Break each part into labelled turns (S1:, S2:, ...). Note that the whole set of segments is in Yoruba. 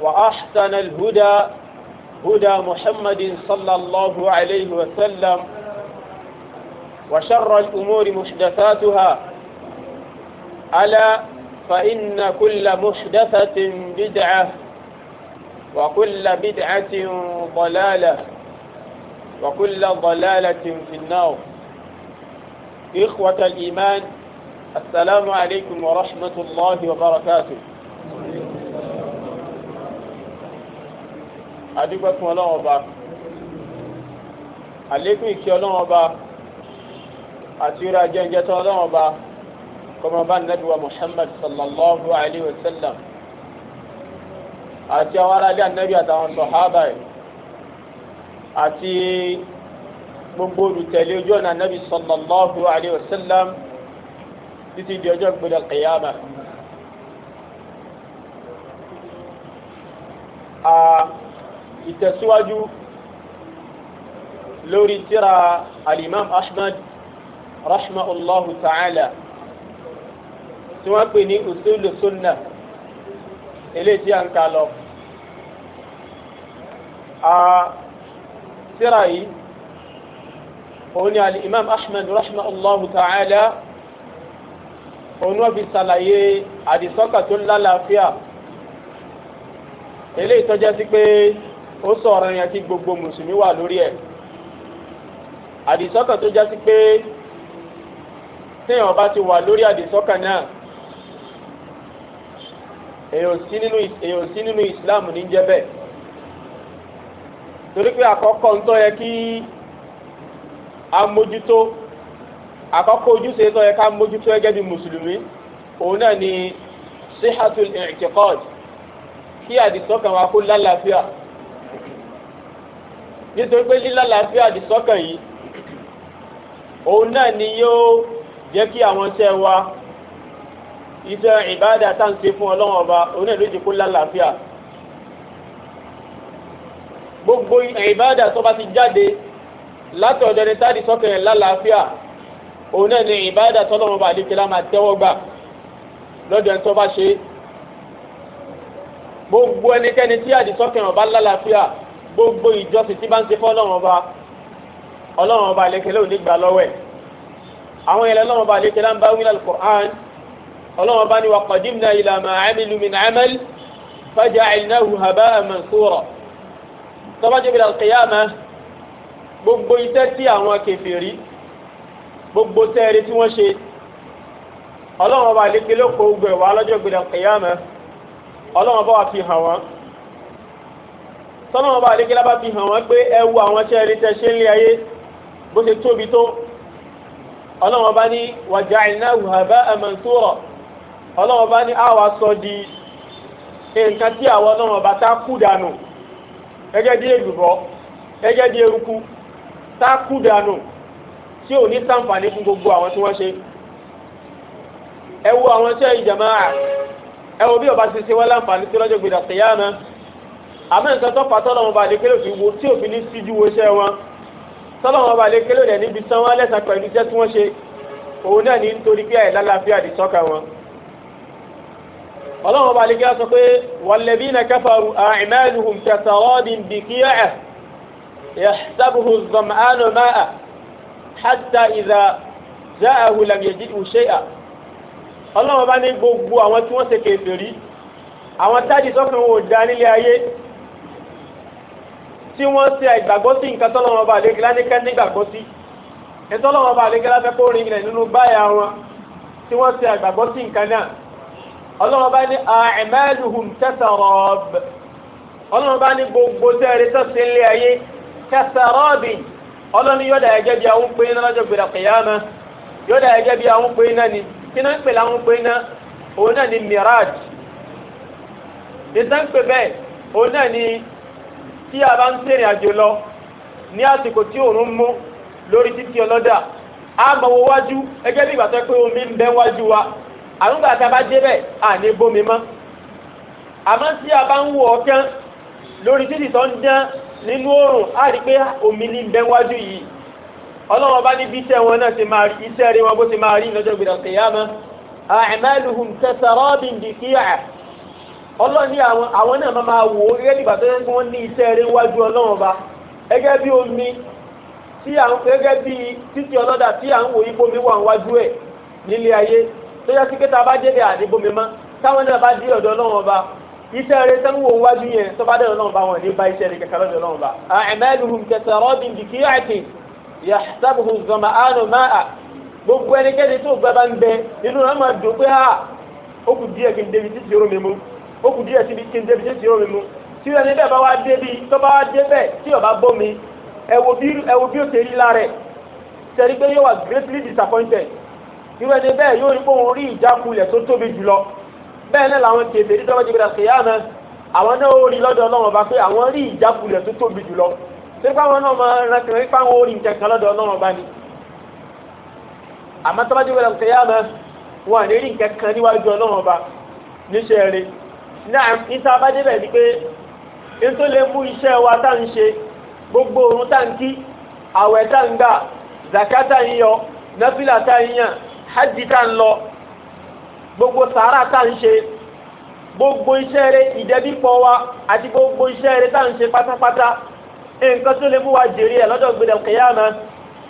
S1: وأحسن الهدى هدى محمد صلى الله عليه وسلم وشر الأمور محدثاتها ألا فإن كل محدثة بدعة وكل بدعة ضلالة وكل ضلالة في النار إخوة الإيمان السلام عليكم ورحمة الله وبركاته adúgbò fún ọlọ́run ọba àlékún ìkí ọlọ́run ọba àti ìrà jẹ́ǹjẹ́ tó ọlọ́run ọba kọmọ bá nàbí wa Muhammad sallallahu alayhi wa sallam àti àwọn aráàlú ànábì àtàwọn sọ̀hábà àti gbogbo olùtẹ̀lé ojú ọ̀nà ànábì sallallahu alayhi wa sallam títí di ọjọ́ gbọdọ̀ kìyàmà. a ìtẹ̀síwájú lórí tíra alimam ahmad rahmaulahu ta'ala tí wọ́n pè ní usulu sunna eléyìí tí a ń kà lọ. tíra yìí òun ni alimam ahmad rahmaulahu ta'ala òun wọ́n fi ṣàlàyé àdìsọ́kà tó lálàáfíà eléyìí tó sí pé ó sọ̀rọ̀ yẹn kí gbogbo mùsùlùmí wà lórí ẹ̀ àdìsọ́kàn tó jásí pé téèyàn bá ti wà lórí àdìsọ́kàn náà èèyàn sí nínú ìsìláàmù ní jẹ́ bẹ́ẹ̀ torí pé àkọ́kọ́ ń tọ́ yẹ kí a mójútó àkọ́kọ́ ojúṣe tó yẹ ká mójútó gẹ́gẹ́ bí mùsùlùmí òun náà ni sihatul i'tiqad kí àdìsọ́kàn wa kó lálàáfíà. La nítorí pé lílàlàáfíà àdìsọ́kàn yìí òun náà ni yóò jẹ́ kí àwọn iṣẹ́ wa iṣẹ́ ìbáàdà tá à ń ṣe fún ọlọ́run ọba òun náà ló jẹ́ kó lálàáfíà gbogbo ìbáàdà tó bá ti jáde látọ̀dọ̀ ẹni tá àdìsọ́kàn yẹn lálàáfíà òun náà ni ìbáàdà tọ́lọ́run ọba àdìkẹ́lá máa tẹ́wọ́ gbà lọ́dọ̀ ẹni tó bá ṣe gbogbo ẹnikẹ́ni tí àdìsọ́kàn ọba lálàáfíà gbogbo ìjọsìn tí bá ń ṣe fọ́ ọlọ́run ọba ọlọ́run ọba àlékelé ò ní gbà lọ́wọ́ ẹ̀ àwọn ilẹ̀ ọlọ́run ọba àlékelé ń bá wílẹ̀ alukur'an ọlọ́run ọba ni wà qadimna ila ma amilu min amal faja'alnahu haba'an mansura tọ́bajẹ́ bí alqiyama gbogbo iṣẹ́ tí àwọn kèfèrí gbogbo tẹ́ẹ̀rẹ́ tí wọ́n ṣe ọlọ́run ọba àlékelé kò gbẹ̀ wá lọ́jọ́ gbẹ̀dẹ̀ alqiyama ọlọ́run ọba wà fi hàn wọ́n tọ́lọ́wọ́n bá àdékẹ́lá bá fi hàn wọ́n pé ẹ wo àwọn iṣẹ́ eré tẹ́ ṣe ń lé ayé bó ṣe tóbi tó ọlọ́wọ́n bá ní waja'alnahu haba'an mansura ọlọ́wọ́n bá ní àwa sọ di nǹkan tí àwọn ọlọ́wọ́n bá tá kú dànù ẹgẹ́ di èlùbọ́ ẹgẹ́ di eruku tá kú dànù tí ò ní ṣàǹfààní fún gbogbo àwọn tí wọ́n ṣe ẹ wo àwọn iṣẹ́ ìjàmáà ẹ wo bí ọba ṣe ṣe wọ́n láǹfààní tó lọ́jọ́ gbèdà tẹ̀yà náà àmọ́ nǹkan tó fa tọ́lọ́mọ bá lè kélò ìwo tí òfin ní síjú wo iṣẹ́ wọn tọ́lọ́mọ bá lè kélò rẹ̀ níbi tán wọn lẹ́sàn pẹ̀lú iṣẹ́ tí wọ́n ṣe òun náà ní nítorí pé àìlálàáfíà di tọ́ka wọn. ọlọ́mọ bá lè sọ pé walladhina kafaru a'maluhum kasaradin biqi'a yahsabuhu az-zam'anu ma'a hatta idha ní gbogbo àwọn tí wọ́n ṣe kèfèrí àwọn táàdì sọ́kàn wọn dá nílé ayé tí wọ́n ṣe ìgbàgbọ́ sí nǹkan tọ́lọ́wọ́n ọba àlékelá ní kẹ́ nígbàgbọ́ sí ẹ tọ́lọ́wọ́n ọba àlékelá fẹ́ kó rin ilẹ̀ nínú báyà wọn tí wọ́n ṣe ìgbàgbọ́ sí nǹkan náà ọlọ́wọ́n bá ní àmẹ́lùhùn kẹsàrọ́ọ̀b ọlọ́wọ́n bá ní gbogbo sẹ́ẹ̀rẹ́ sọ́sẹ́ ilé ayé kẹsàrọ́ọ̀bì ọlọ́ni yọ̀dà ẹ̀jẹ̀ bí àwọn pé iná lọ́jọ́ gbèrà kìyàmá yọ̀dà ẹ̀jẹ̀ bí àwọn pé iná ni kí náà ń pè láwọn pé iná òun náà ni mirage ìtàn pè bẹ́ẹ̀ òun náà ni tí a bá ń sẹ́rìn àjò lọ ní àsìkò tí òòrùn mú lórí títí ọlọ́dà a mọ̀ wo wájú ẹgẹ́ bí ìgbà tó pé omi ń wa a bá à ní bómi mọ́ àmọ́ tí a bá ń wo ọ̀kán lórí títí tó ń dán nínú a rí pé omi ní wájú yìí bá iṣẹ́ wọn náà ti máa rí iṣẹ́ rí wọn bó ti máa rí ọlọ́run ní àwọn náà máa wò ó gẹ́gẹ́ nígbà tó yẹ kí wọ́n ní iṣẹ́ eré wájú ọlọ́run ọba gẹ́gẹ́ bí omi tí à ń gẹ́gẹ́ bí títí ọlọ́dà tí à ń wò ipò mi wà wájú ẹ̀ nílé ayé tó yẹ kí kéta bá dédé àdébòmí mọ́ táwọn náà bá dé ọ̀dọ̀ ọlọ́run ọba iṣẹ́ eré tó ń wò wájú yẹn tó bá dé ọ̀dọ̀ ọlọ́run ọba wọn ní bá iṣẹ́ eré kẹkẹ lọ́dọ̀ ọlọ́run ọba. àmẹ́lùhùn kẹsàrọ́bìn dìkíyàtì ó kù díẹ̀ síbi kí n débi tí ó rí mu tí ẹni bẹ́ẹ̀ bá wá débi tó bá wá débẹ̀ tí ọba bómi ẹ̀wò bí ó ṣe rí lára ẹ̀ tẹ̀rí pé yóò wà greatly disappointed irú ẹni bẹ́ẹ̀ yóò rí pé òun rí ìjákulẹ̀ tó tóbi jùlọ bẹ́ẹ̀ náà làwọn kèbè ní dọ́wọ́ jẹ́gbẹ̀dà sí yáàmẹ́ àwọn náà ó rí lọ́dọ̀ ọlọ́run ọba pé àwọn rí ìjákulẹ̀ tó tóbi jùlọ nípa àwọn náà máa ń náà ìta bá débẹ̀ ni pé n tó lè mú iṣẹ́ wa tá ń ṣe gbogbo orun tá ń kí àwẹ̀ tá ń gbà zakata ń yọ nafila tá ń yàn hajj tá ń lọ gbogbo sàárà tá ń ṣe gbogbo iṣẹ́ rẹ̀ ìdẹ́bípọ̀ wa àti gbogbo iṣẹ́ rẹ̀ tá ń ṣe pátápátá nǹkan tó lè mú wa jèrè ẹ̀ lọ́dọ̀ gbẹdẹ̀ kẹyàmá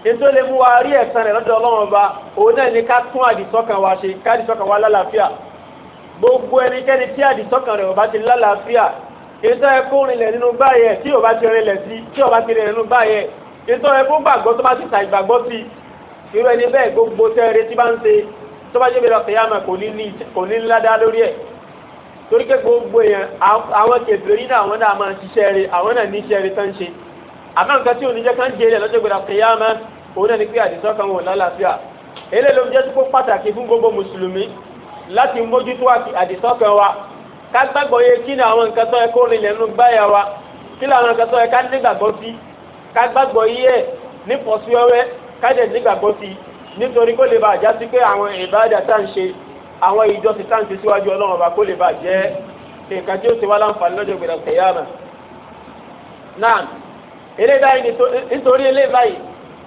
S1: nítorí lè mú wa rí ẹ̀san rẹ̀ lọ́dọ̀ ọlọ́run ọba òun náà ni ká tún àdìsọ́kàn wa ṣe ká àdìsọ́kàn wa lálàáfíà gbogbo ẹnikẹ́ni tí àdìsọ́kàn rẹ̀ ò bá ti lálàáfíà ètò ẹkún rinlẹ̀ nínú báyẹ̀ tí ò bá ti rinlẹ̀ sí tí ò bá ti rinlẹ̀ nínú báyẹ̀ ètò ẹkún gbàgbọ́ tó bá ti ta ìgbàgbọ́ sí irú ẹni bẹ́ẹ̀ gbogbo tẹ́rẹ̀ tí bá ń ṣe tó bá jẹ́ bí lọ́kẹ́ yàmà kò ní ládá lórí ẹ̀ torí pé gbogbo èèyàn àwọn kẹfìrí náà àwọn náà máa ṣiṣẹ́ rẹ̀ àwọn náà ní iṣẹ́ rẹ̀ tán ṣe àmọ́ tí òní láti mójútó àdìsọ́kàn wa ká gbàgbọ́ yé kí ni àwọn nǹkan tó yẹ kó rìn lẹ́nu gbáyà wa kí ni àwọn nǹkan tó yẹ ká nígbàgbọ́ sí ká gbàgbọ́ yé ẹ̀ nífọ̀sí ọwẹ́ ká dẹ̀ nígbàgbọ́ sí nítorí kó lè bá àjá sí pé àwọn ìbáàdà tá à ń ṣe àwọn ìjọsìn tá à ń ṣe síwájú ọlọ́run ọba kó lè bá jẹ́ nǹkan tí ó ti wá láǹfààní lọ́jọ́ ìgbèrè kẹyàmà náà eléyìí báyìí nítorí eléyìí báyìí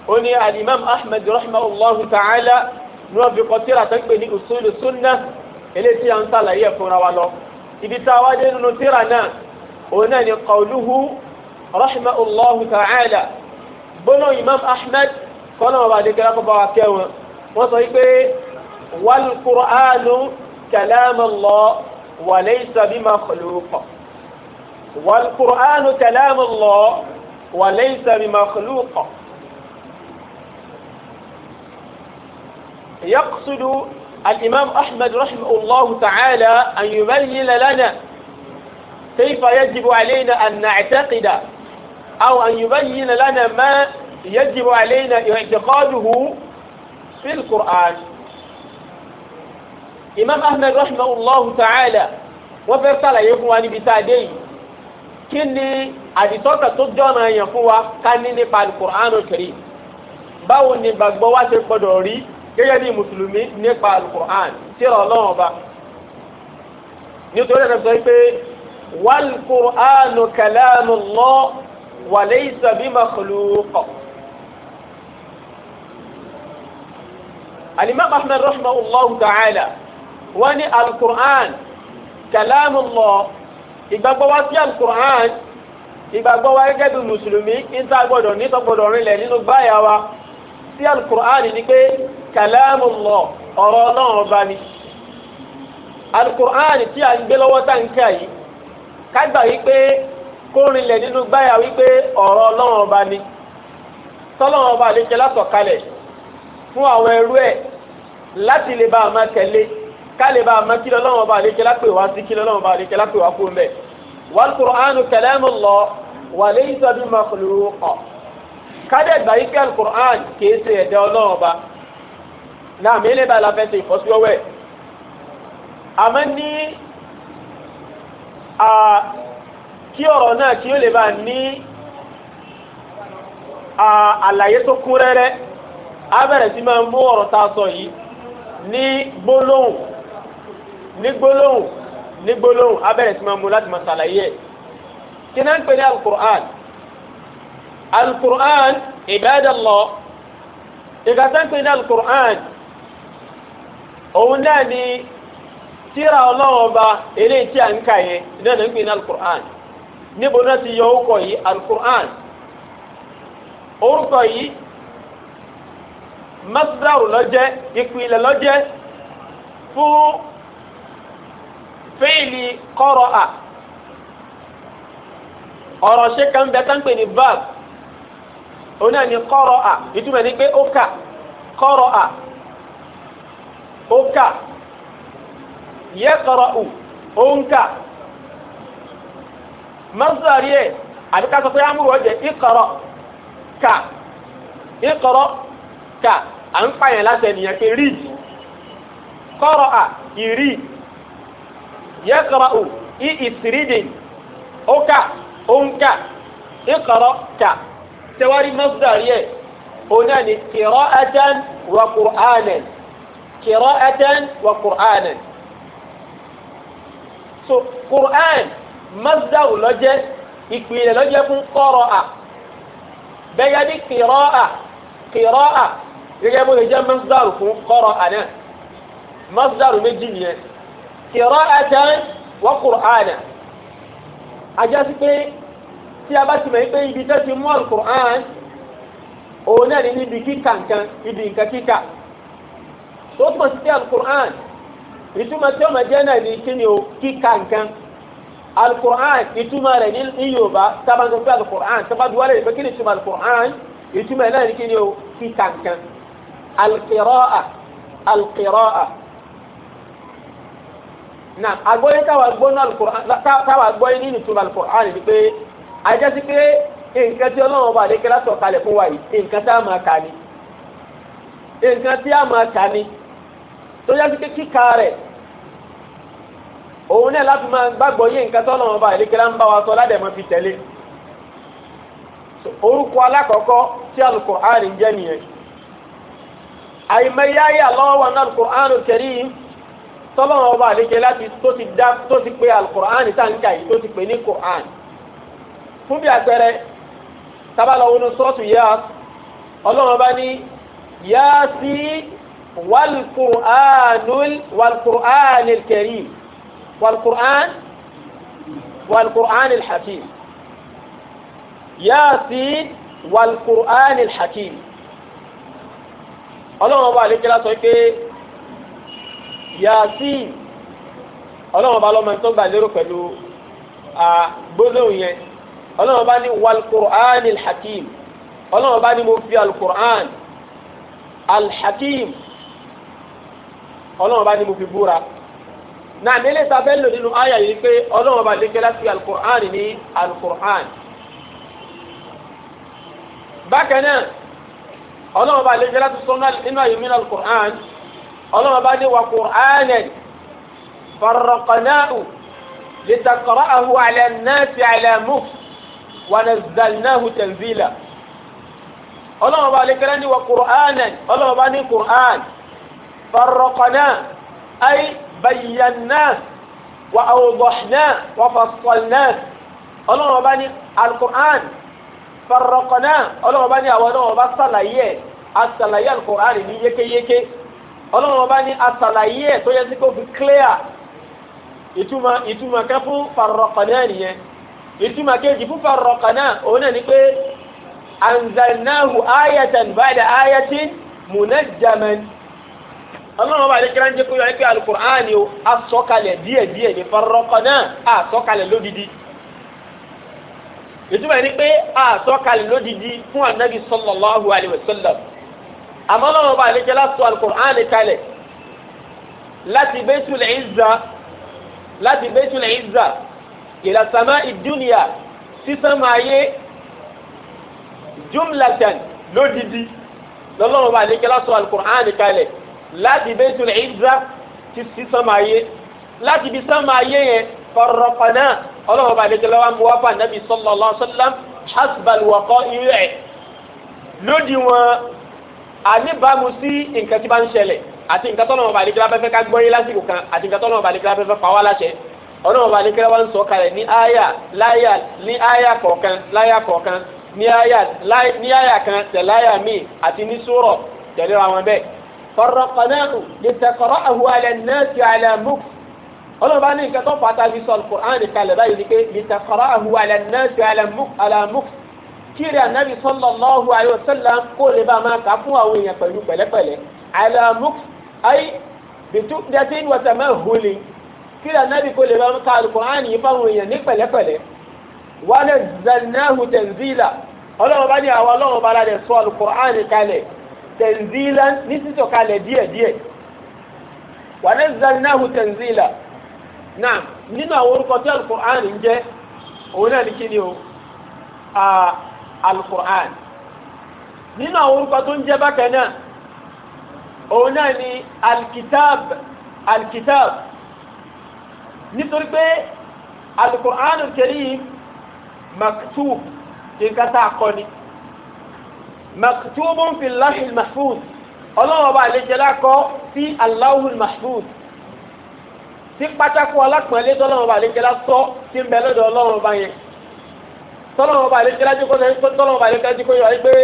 S1: ó ní alimam ahmed rahmanulahu ta'ala ní wọ́n fi kọ tíra tó ń pè ní usulu sunna eléyìí tí a ń sàlàyé fúnra wa lọ ibi tá a wá dé nínú tíra náà òun náà ni qawluhu rahimahullahu ta'ala gbóná imam ahmed kọ́nà ọba àdékẹ́lá kọ́ bá wa kẹ́ wọ́n sọ wípé wal qur'anu kalamullah wa laysa bi makhluq wal qur'anu kalamullah wa laysa bi makhluq. يقصد الإمام أحمد رحمه الله تعالى أن يبين لنا كيف يجب علينا أن نعتقد أو أن يبين لنا ما يجب علينا اعتقاده في القرآن Imam Ahmed rahimahullahu ta'ala wọ́n fẹ́ sàlàyé fún wa níbi tá a dé yìí kí ni àdìtọ́ka tó jọ́nà yẹn fún wa ká ní nípa al-Qur'anul Karim báwo ni gbàgbọ́ wa ṣe gbọdọ̀ rí gẹ́gẹ́ bí mùsùlùmí nípa alukur'an tí ọlọ́run ọba nítorí ẹ̀rọ sọ pé wàlùkur'an kàlámù lọ wàlẹ́ ìsàbí màkàlùkọ̀. alimami ahmed rahimahullah ta'ala wọ́n ní alukur'an kàlámù lọ ìgbàgbọ́ wa sí alukur'an ìgbàgbọ́ wa gẹ́gẹ́ bí mùsùlùmí ní tá a gbọ́dọ̀ ní tó gbọ́dọ̀ rinlẹ̀ nínú báyà sí alukur'an ni pé kàlámù lọ ọ̀rọ̀ náà bá ní alukur'an tí a ń gbé lọ́wọ́ tá ń kà yìí kágbà wípé kórinlẹ̀ nínú gbáyà wípé ọ̀rọ̀ ọlọ́run ọba ni tọ́lọ́run ọba lè jẹ́ látọ̀kalẹ̀ fún àwọn ẹrú ẹ̀ láti lè bá a tẹ̀lé ká lè bá a kílọ̀ ọlọ́run ọba lè jẹ́ lápè wá sí kílọ̀ ọlọ́run ọba lè jẹ́ lápè wá fún bẹ́ẹ̀ wal Qur'anu kalamullah wa laysa bi makhluq kádẹ́ gbà yí pé alukur'an kìí ṣe ẹ̀dá ọlọ́run ọba náà mélòó bá la fẹ́ ṣe ìfọ́síwẹ́wẹ́ àmọ́ ní kí ọ̀rọ̀ náà kí ó lè bá ní àlàyé tó kún rẹ́rẹ́ á bẹ̀rẹ̀ sí máa mú ọ̀rọ̀ tá a sọ yìí ní gbólóhùn ní gbólóhùn ní gbólóhùn á bẹ̀rẹ̀ sí máa mú láti máa ṣàlàyé ẹ̀ kí náà ń pè ní alukur'an alukur'an ibadallah ìgbàsánkpé ní alukur'an òun náà ni tíra ọlọ́wọ́ ba eléyìí tí a ń kà yẹn náà ní pé ní alukur'an níbo náà ti yọ orúkọ yìí alukur'an orúkọ yìí masdaru lọ́jẹ́ ìpìlẹ̀ lọ́jẹ́ fún fẹ́ẹ̀lì kọ́rọ̀ à ọ̀rọ̀ ṣe kan bẹ́ẹ̀ tán pé ní báàbù òun náà ni kọ́rọ̀ à ìtumọ̀ ni pé ó kà kọ́rọ̀ à ó kà yẹ kọ́rọ̀ ù ó ń kà mọ́sálárì ẹ̀ àbí ká sọ pé amúrò ọ̀jẹ̀ ìkọ̀rọ̀ kà ìkọ̀rọ̀ kà à ń pààyàn láti ẹnìyàn pé read kọ́rọ̀ à ìrì yẹ kọ́rọ̀ ù ìsìrídìn ó kà ó ń kà ìkọ̀rọ̀ kà tẹwárí masdar yẹ òun náà ni qira'atan wa qur'anan qira'atan wa qur'anan so qur'an masdar lọ́jẹ́ ìpìlẹ̀ lọ́jẹ́ fún qara'a bẹ́yà ní qira'a qira'a gẹ́gẹ́ bó ṣe jẹ́ masdar fún qara'a náà masdar méjì nìyẹn qira'atan wa qur'anan ajá sí pé tí a bá ti mọ̀ pé ibi tó ti mú alukur'an òun náà ní níbi kíkà nǹkan ibi nǹkan kíkà tó túmọ̀ sí pé alukur'an ìtumọ̀ tí ọmọ jẹ́ náà ní kí ni o kíkà nǹkan alukur'an ìtumọ̀ rẹ̀ ní yorùbá sábà ń sọ pé alukur'an sábà duwálé ìfẹ́ kí ni ìtumọ̀ alukur'an ìtumọ̀ náà ní kí ni o kíkà nǹkan alukirọ́à alukirọ́à náà agbóyè táwa gbóná nínú ìtumọ̀ alukur'an ni pé. ajá sí pé nǹkan tí ọlọ́run ọba àdékẹ́lá sọ fún wa yìí nǹkan tí a máa kà ní nǹkan tí a máa kà ní tó yá sí pé kíkà rẹ̀ òun náà láti máa gbàgbọ́ yé nǹkan tí ọlọ́run ọba àdékẹ́lá ń bá wa sọ ládẹ̀mọ́ fi tẹ̀lé orúkọ alákọ̀ọ́kọ́ tí Al-Qur'an jẹ́ nìyẹn tọ́lọ́run ọba àdékẹ́lá tó ti pé ti pè ní fún bí àpẹẹrẹ tábàlọ́ wọnú sọ́ọ̀tù Yas ọlọ́run bá ní Yasi wal-Qur'anul wal-Qur'anil Karim wal-Qur'an wal-Qur'anil Hakim Yasin wal-Qur'anil Hakim ọlọ́run bá àlékelá sọ pé Yasin ọlọ́run bá lọ́mọ tó gbà lérò pẹ̀lú gbólóhùn yẹn ọlọ́run bá ní walqur'an alhakim ọlọ́run bá ní mo fi alqur'an alhakim ọlọ́run bá ní mo fi búra náà nílé sábẹ́ lò nínú àyà yìí pé ọlọ́run bá dékẹ́ láti alqur'an ní alqur'an bákan náà ọlọ́run bá dékẹ́ láti sọ́nà nínú àyè mi ní ọlọ́run bá ní wa qur'anan farraqnahu litakọ̀rọ̀ àhùn àlẹ́ náà ti àlẹ́ mùsùlùmí wanazzalnahu tanzila ọlọ́run bá lékẹ́lẹ́ ní wa qur'anan ọlọ́run bá ní qur'an farraqna ay bayyana wa awdahna wa fassalna ọlọ́run bá ní al-qur'an farraqna ọlọ́run bá ní àwọn ọlọ́run bá sàlàyé asàlàyé al-qur'an ní yékéyéké ọlọ́run bá ní asàlàyé tó yẹ sí kó fi clear ìtumọ̀ ìtumọ̀ kan fún nìyẹn ìtumọ̀ kejì fúnfà rọ̀kànà òun náà ni pé anzalnahu ayatan ba'da ayatin munajjaman ọlọ́run ọba àdékẹ́rẹ́ ń jẹ́ kó yọ ẹ́ pé alukur'an ni ó asọ́kalẹ̀ díẹ̀díẹ̀ ní farrọ́kànà asọ́kalẹ̀ lódidi ìtumọ̀ ni pé asọ́kalẹ̀ lódidi fún anabi sallallahu alayhi wa sallam àmọ́ ọlọ́run ọba àdékẹ́rẹ́ lásọ alukur'an kalẹ̀ láti Baitul Izza láti Baitul Izza ila sama ìdúnìyà sísánmà ayé jumlatan lódìdí lọ́lọ́run bá lékelá sọ alukur'an kalẹ̀ láti bẹ́tùl ìzá ti sísánmà ayé láti bí sánmà ayé yẹn farrafana ọlọ́run bá lékelá wa mú wáfà nàbí sallallahu alaihi wasallam hasbal waqọ irẹ lódì wọn àníbàámu sí nǹkan tí bá ń ṣẹlẹ̀ àti nǹkan tọ́lọ́run bá lékelá fẹ́fẹ́ ká gbọ́yé lásìkò kan àti nǹkan tọ́lọ́run bá lékelá fẹ́fẹ́ fà wá láṣẹ ọlọ́run bá ní kí wọ́n sọ kalẹ̀ ní àyà láyà ní àyà kọ̀ọ̀kan láyà kọ̀ọ̀kan ní àyà ní àyà kan tẹ̀lé àyà míì àti ní sùúrọ̀ tẹ̀lé àwọn bẹ́ẹ̀. farraqnahu litaqra'ahu 'ala an-nasi 'ala mukth ọlọ́run bá ní nǹkan tó fàtà fi sọ alukur'an kalẹ̀ báyìí ni pé litaqra'ahu 'ala an-nasi kílà nábì kó lè bá ká alukur'an yìí fáwọn èèyàn ní pẹ̀lẹ́pẹ̀lẹ́ wálé zannahu tẹ̀nzílà ọlọ́run bá ní àwọn ọlọ́run bá lálẹ́ sọ alukur'an kalẹ̀ tẹ̀nzílà ní sísọ kalẹ̀ díẹ̀díẹ̀ wálé zannahu tẹ̀nzílà náà nínú àwọn orúkọ tí alukur'an ń jẹ́ òun náà ní kíni o alukur'an nínú àwọn orúkọ tó ń jẹ́ bákan náà òun náà ní alkitab alkitab nítorí pé alukur'anu karim maktub nǹkan tá a kọ ni maktubun fi lahil mahfuz ọlọ́wọ́ bá lè jẹ́ lákọ́ sí aláhùn mahfuz tí pátákó alápọ̀nlé tọ́lọ́wọ́ bá lè jẹ́ lásọ́ tí ń bẹ lọ́dọ̀ ọlọ́wọ́ bá yẹn tọ́lọ́wọ́ bá lè jẹ́ lájú kó tọ́lọ́wọ́ bá lè jẹ́ lájú kó yọ wáyé pé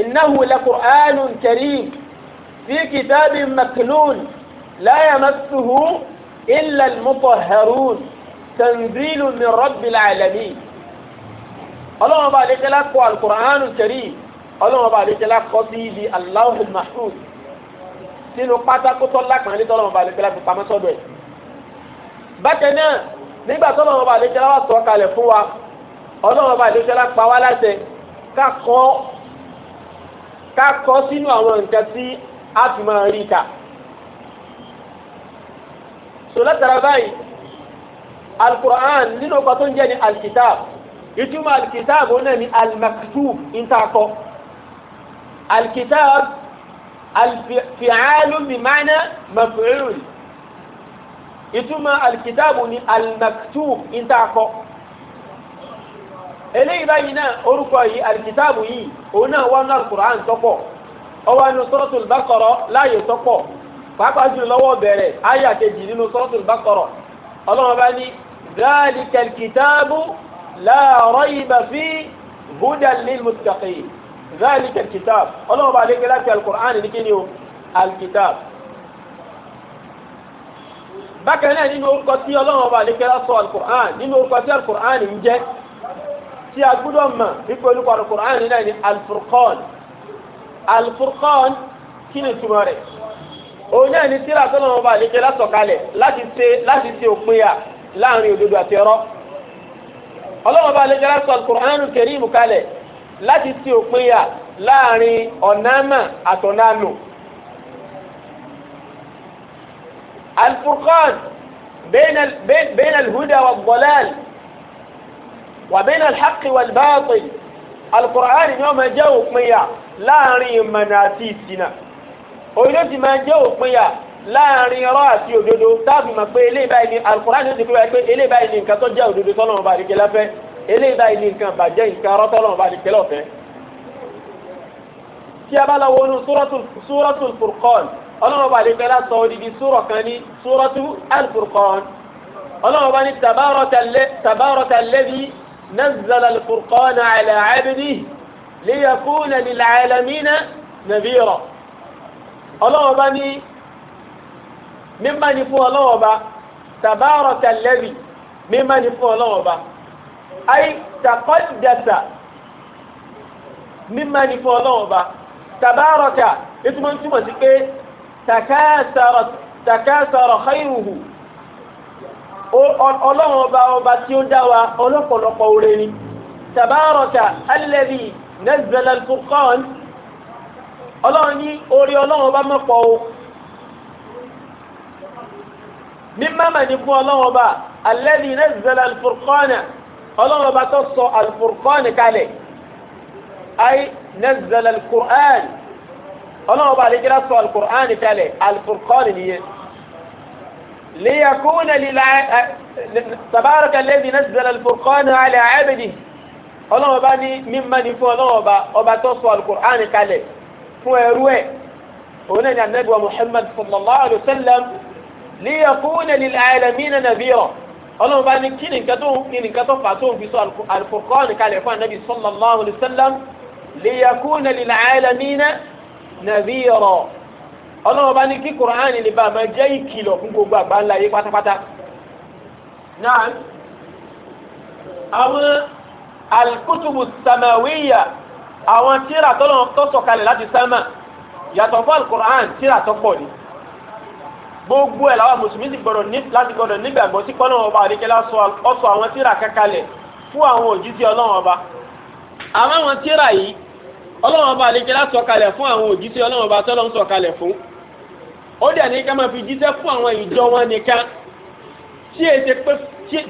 S1: innahu lakur'anun karim fi kitabin maklun la إلا المطهرون تنزيل من رب العالمين الله ọlọ́run bá àdékẹ́lá القرآن الكريم الله ọlọ́run bá àdékẹ́lá kọ sí ibi aláwọ̀ mahfuz sínú pátákótó lápàlẹ́ tọ́lọ́run bá àdékẹ́lá fi pamọ́ sọ́dọ̀ ẹ̀. bákan náà nígbà tọ́lọ́run bá àdékẹ́lá wà sọ kalẹ̀ fún wa ọlọ́run bá àdékẹ́lá pa wá láṣẹ ká kọ́ sínú àwọn nǹkan tí a fi so látara báyìí alukur'an nínú ọkọ̀ tó ń jẹ́ ni alkitab ìtumọ̀ alkitab ó náà ni almaktub intakọ alkitab alfi'alu bi ma'na maf'ul ìtumọ̀ alkitab ni almaktub intakọ eléyìí báyìí náà orúkọ yìí alkitab yìí òun náà wà ní alukur'an tọ́pọ̀ ọwọ́ baqara láàyè tọ́pọ̀ pàápàá jù lọ́wọ́ bẹ̀rẹ̀ ayé àkejì nínú suratul Baqara ọlọ́run bá ní dhalikal kitabu la rayba fi hudan lil muttaqin dhalikal kitab ọlọ́run bá lékè láti alukur'an ní kíni o alkitab. bákan náà nínú orúkọ tí ọlọ́run bá lékè lásọ alukur'an nínú orúkọ tí alukur'an ń jẹ́ tí a gbúdọ̀ mọ̀ nípa olùkọ́ alukur'an náà ní alfurqan alfurqan kí ni túmọ̀ rẹ̀ òun náà ní tíra tó lọ́wọ́ bá lékè látọ̀kalẹ̀ láti ṣe láti ṣe òpin yà láàrin òdodo àti ẹ̀rọ ọlọ́wọ́ bá lékè látọ̀ Al-Qur'anul Karim kalẹ̀ láti ṣe òpin yà láàrin ọ̀nàmà àtọ̀nàmù Al-Furqan bayna al-huda wad-dalal wa bayna al-haqqi wal-batil Al-Qur'an ni máa jẹ́ òpin yà láàrin ìmọ̀nà àti ìṣìnà òyìnbó ti máa jẹ́ òpinya láàrin ọ̀rọ̀ àti òdodo táàbì mọ̀ pé eléyìí báyìí القرآن alukurani ti fi wáyé pé eléyìí báyìí ni nǹkan tó jẹ́ òdodo tọ́lọ́run bá àdìkẹ́ láfẹ́ eléyìí báyìí ni nǹkan bàjẹ́ nǹkan ọ̀rọ̀ tọ́lọ́run bá àdìkẹ́ lọ́fẹ́. tí a bá lọ wọnú súrọ́tù furqan ọlọ́run bá àdìkẹ́ lásán ọlọ́wọ́ bá ní mímá ni fún ọlọ́wọ́ bá tàbárọ̀kà lẹ́rì mímá ni fún ọlọ́wọ́ bá ayé tàkọ́jàsà mímá ni fún ọlọ́wọ́ bá tàbárọ̀kà ìtumọ̀ túmọ̀ sí pé takásàrọ̀ khairuhu ọlọ́wọ́ ọba ọba tí ó dá ọlọ́pọ̀lọpọ̀ orin ni tàbárọ̀kà alladhi nazzala ọlọ́run ní orí ọlọ́run ọba mọ́pọ̀ o ní mẹ́mà ní fún ọlọ́run ọba alladhi nazzala al-furqana ọlọ́run ọba tó sọ al-furqana kalẹ̀ ay nazzala al-Qur'an ọlọ́run ọba àlejò sọ al kalẹ̀ al nìyẹn ليكون للع... تبارك الذي نزل الفرقان على عبده الله ọba ní mímọ́ الله fún ọlọ́run ọba ọba fún ẹrú ẹ̀ òun náà ni anabi wa muhammad sallallahu alayhi wa sallam liyakuna lil alamina nabiyya ọlọ́run bá ní kí ni nǹkan tó ní nǹkan tó fà tó ń fi sọ al-Furqan fún anabi sallallahu alayhi wa sallam liyakuna lil alamina nabiyya ọlọ́run bá ní kí kùránì lè bá máa jẹ́ ìkìlọ̀ fún gbogbo àgbáńlá yé pátápátá náà àwọn al-kutubu àwọn tíra tọ́lọ̀ tó sọ̀kalẹ̀ láti sánmà yàtọ̀ fún alukur'an tíra tó pọ̀ ni gbogbo ẹ̀ làwọn mùsùlùmí ti gbọdọ̀ ní láti gbọdọ̀ nígbàgbọ́ sí kọ́nà ọba àdékẹ́lá ọsọ àwọn tíra kankalẹ̀ fún àwọn òjíṣẹ́ ọlọ́run ọba àmọ́ àwọn tíra yìí ọlọ́run ọba àdékẹ́lá sọ̀kalẹ̀ fún àwọn òjíṣẹ́ ọlọ́run ọba tọ́lọ́ ń sọ̀kalẹ̀ fún ó dẹ̀ ní ká máa fi jíṣẹ́ fún àwọn ìjọ wọn nìkan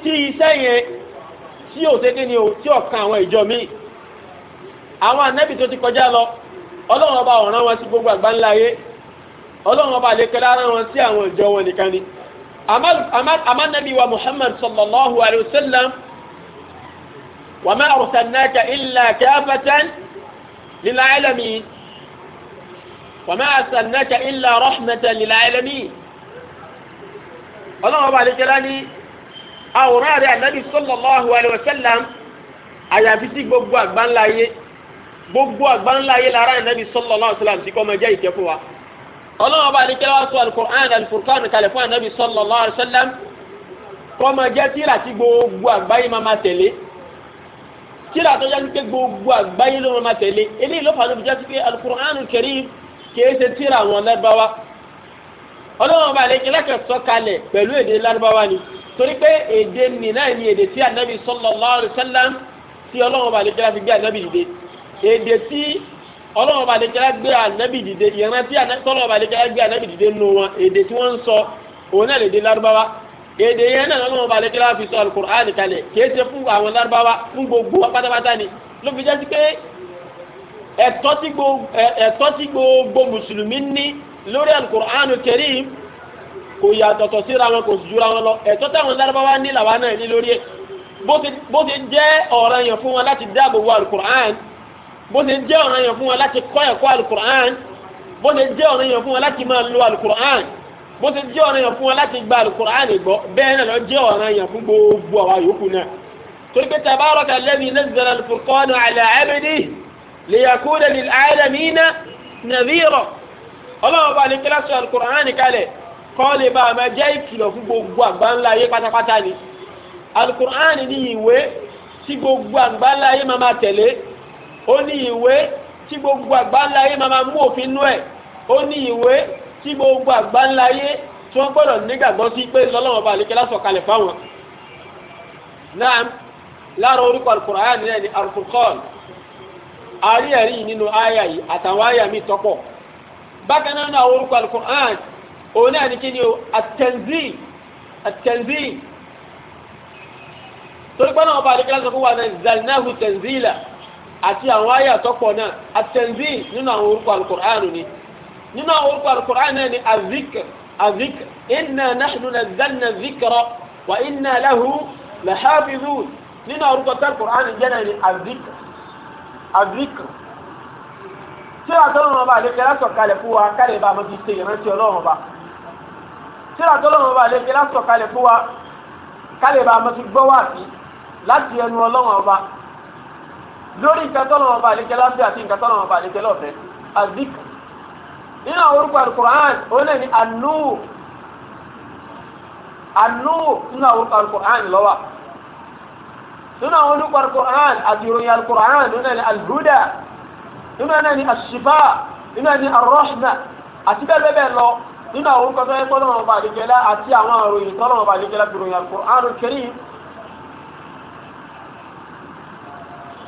S1: tí iṣẹ́ yẹn tí ò àwọn ànábì tó ti kọjá lọ ọlọ́run ọba ọ̀ràn wọn sí gbogbo àgbáńlá ayé ọlọ́run ọba àlékẹ́lá rán wọn sí àwọn ìjọ wọn nìkan ni amánàbí wa muhammad sallallahu alayhi wa sallam wa ma arsalnaka illa kaafatan lil alamin wa ma arsalnaka illa rahmatan lil alamin ọlọ́run ọba àlékẹ́lá ní àwòrán rẹ̀ ànábì sallallahu alayhi wa sallam àyàfi sí gbogbo àgbáńlá ayé gbogbo àgbáńlá ayé lára Ànábì sallallahu alaihi wasallam tí kò máa jẹ́ ìkẹ́ fún wa ọlọ́run ọba àdékẹ́lẹ́ wá sọ alukur'an alukur'an kalẹ̀ fún Ànábì sallallahu alaihi wasallam kó máa jẹ́ tíra tí gbogbo àgbáyé máa máa tẹ̀lé tíra tó jẹ́ pé gbogbo àgbáyé ló máa máa tẹ̀lé eléyìí ló fà ló fi jẹ́ pé alukur'an karim kìí ṣe tíra àwọn lárúbáwá ọlọ́run ọba àdékẹ́lẹ́ kẹ́ sọ kalẹ̀ pẹ̀lú èdè lárúbáwá ni torí pé èdè nìyí ni èdè tí Ànábì sallallahu alaihi wasallam tí ọlọ́run ọba àdékẹ́lẹ́ fi gbé Ànábì dìde èdè tí ọlọ́run bá lè jẹ́ gbé ànábì dìde ìran tí ọlọ́run bá lè jẹ́ gbé ànábì dìde nù wọn èdè tí wọ́n ń sọ òun náà lè dé lárúbáwá èdè yẹn náà lọ́wọ́ bá lẹ́kẹ́lá fi sọ alukur'an kalẹ̀ kìí ṣe fún àwọn lárúbáwá fún gbogbo pátápátá ni ló fi jẹ́ sí pé ẹ̀tọ́ tí gbogbo mùsùlùmí ní lórí alukur'an karim kò yàtọ̀tọ̀ síra wọn kò sì jura wọn lọ ẹ̀tọ́ táwọn lárúbáwá ní làwa náà ní lórí ẹ̀ bó ti jẹ́ ọ̀ranyàn fún wọn láti dáàbò bo alukur'an bó ṣe jẹ́ ọ̀ràn yẹn fún wa láti kọ́ ẹ̀kọ́ alukur'an bó ṣe jẹ́ ọ̀ràn yẹn fún wa láti máa lo alukur'an bó ṣe jẹ́ ọ̀ràn yẹn fún wa láti gba alukur'an gbọ́ bẹ́ẹ̀ náà lọ jẹ́ ọ̀ràn yẹn fún gbogbo àwa yòókù náà torí pé tabaraka alladhi nazzala alfurqana ala abdihi liyakuna lil alamina nadhira ọlọ́run bá ní kíláàsì alukur'an kalẹ̀ kọ́ bá a máa jẹ́ ìkìlọ̀ fún gbogbo àgbáńlá ayé ó ní ìwé tí gbogbo àgbáńláyé máa mú òfin nú ẹ̀ ó ní ìwé tí gbogbo àgbáńláyé tí wọ́n gbọ́dọ̀ nígbàgbọ́ sí pé lọ́lọ́wọ́n bá lékelá sọ̀kalẹ̀ fáwọn. náà lára orúkọ alukur'an náà ni alufurkọ́ọ̀n àárí ẹ̀rí nínú àyà yìí àtàwọn àyà mi tọ́pọ̀ bákan náà náà orúkọ alukur'an òun náà ni kí ni o àtẹ̀nzí àtẹ̀nzí torí pé náà wọ́n bá lékelá sọ àti àwọn àyà tọ́pọ̀ náà àtẹ̀nzí nínú àwọn orúkọ alukur'an ni nínú àwọn orúkọ alukur'an náà ni azik azik inna nahnu nazzalna zikra wa inna lahu lahafizun nínú àwọn orúkọ alukur'an jẹ́ náà ni azik azik tí a tọ́lọ́run ọba àlejò lásọ̀ kalẹ̀ fún wa kálẹ̀ bá mo ti ṣe ìrántí ọlọ́run ọba tí a tọ́lọ́run ọba àlejò lásọ̀ kalẹ̀ fún wa kálẹ̀ bá mo ti gbọ́ wá sí láti ẹnu ọlọ́run ọba lórí nǹkan tọ́lọ̀ wọn bá àlejò lábẹ́ àti nǹkan tọ́lọ̀ wọn bá àlejò lọ́fẹ́ azik nínú àwọn orúkọ alukur'an òun náà ni anu anu nínú àwọn orúkọ alukur'an lọ́wọ́ nínú àwọn orúkọ alukur'an àti ìròyìn alukur'an nínú náà ni alhuda nínú náà ni ashifa nínú náà ni arrohma àti bẹ́ẹ̀ bẹ́ẹ̀ lọ nínú àwọn orúkọ tọ́lọ̀ wọn bá àlejò lá àti àwọn ìròyìn tọ́lọ̀ wọn bá àlejò lá